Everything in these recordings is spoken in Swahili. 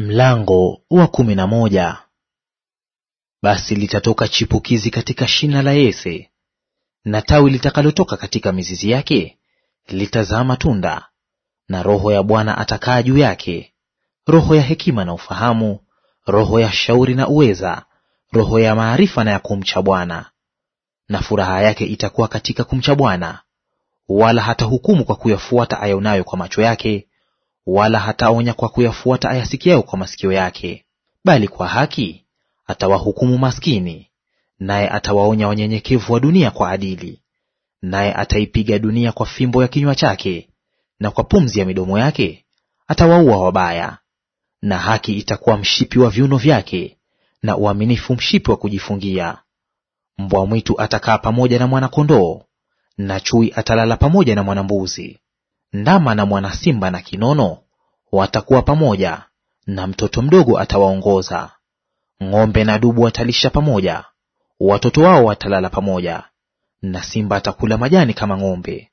Mlango wa kumi na moja. Basi litatoka chipukizi katika shina la Yese, na tawi litakalotoka katika mizizi yake litazaa matunda, na Roho ya Bwana atakaa juu yake, roho ya hekima na ufahamu, roho ya shauri na uweza, roho ya maarifa na ya kumcha Bwana. Na furaha yake itakuwa katika kumcha Bwana, wala hata hukumu kwa kuyafuata ayonayo kwa macho yake wala hataonya kwa kuyafuata ayasikiayo kwa masikio yake, bali kwa haki atawahukumu maskini, naye atawaonya wanyenyekevu wa dunia kwa adili. Naye ataipiga dunia kwa fimbo ya kinywa chake, na kwa pumzi ya midomo yake atawaua wabaya. Na haki itakuwa mshipi wa viuno vyake, na uaminifu mshipi wa kujifungia. Mbwa mwitu atakaa pamoja na mwana kondoo, na chui atalala pamoja na mwanambuzi. Ndama na mwana simba na kinono watakuwa pamoja, na mtoto mdogo atawaongoza. Ng'ombe na dubu watalisha pamoja, watoto wao watalala pamoja, na simba atakula majani kama ng'ombe.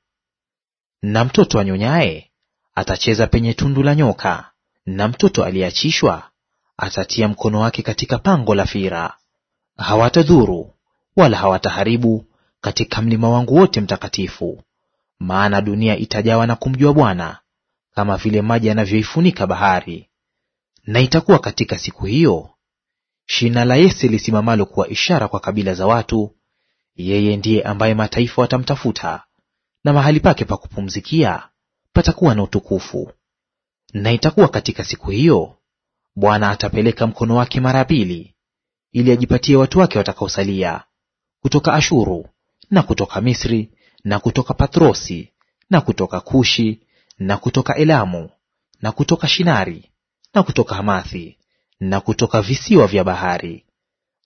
Na mtoto anyonyaye atacheza penye tundu la nyoka, na mtoto aliyeachishwa atatia mkono wake katika pango la fira. Hawatadhuru wala hawataharibu katika mlima wangu wote mtakatifu. Maana dunia itajawa na kumjua Bwana kama vile maji yanavyoifunika bahari. Na itakuwa katika siku hiyo, shina la Yese lisimamalo kuwa ishara kwa kabila za watu, yeye ndiye ambaye mataifa watamtafuta, na mahali pake pa kupumzikia patakuwa na utukufu. Na itakuwa katika siku hiyo, Bwana atapeleka mkono wake mara pili, ili ajipatie watu wake watakaosalia kutoka Ashuru na kutoka Misri na kutoka Patrosi na kutoka Kushi na kutoka Elamu na kutoka Shinari na kutoka Hamathi na kutoka visiwa vya bahari.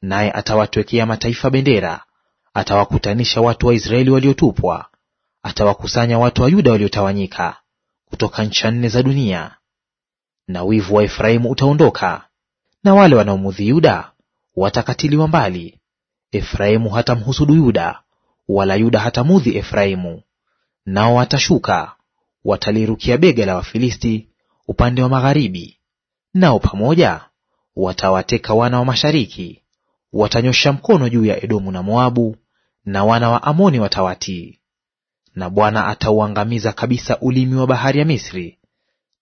Naye atawatwekea mataifa bendera, atawakutanisha watu wa Israeli waliotupwa, atawakusanya watu wa Yuda waliotawanyika kutoka ncha nne za dunia. Na wivu wa Efraimu utaondoka, na wale wanaomudhi Yuda watakatiliwa mbali. Efraimu hatamhusudu Yuda, wala Yuda hatamudhi Efraimu. Nao watashuka watalirukia bega la Wafilisti upande wa magharibi, nao pamoja watawateka wana wa mashariki. Watanyosha mkono juu ya Edomu na Moabu, na wana wa Amoni watawatii. Na Bwana atauangamiza kabisa ulimi wa bahari ya Misri,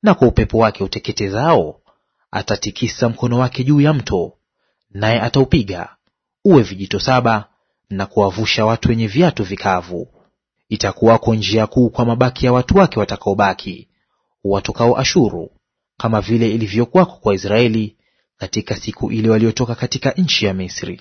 na kwa upepo wake uteketezao atatikisa mkono wake juu ya mto, naye ataupiga uwe vijito saba na kuwavusha watu wenye viatu vikavu. Itakuwako njia kuu kwa mabaki ya watu wake watakaobaki watokao Ashuru, kama vile ilivyokuwako kwa Israeli katika siku ile waliotoka katika nchi ya Misri.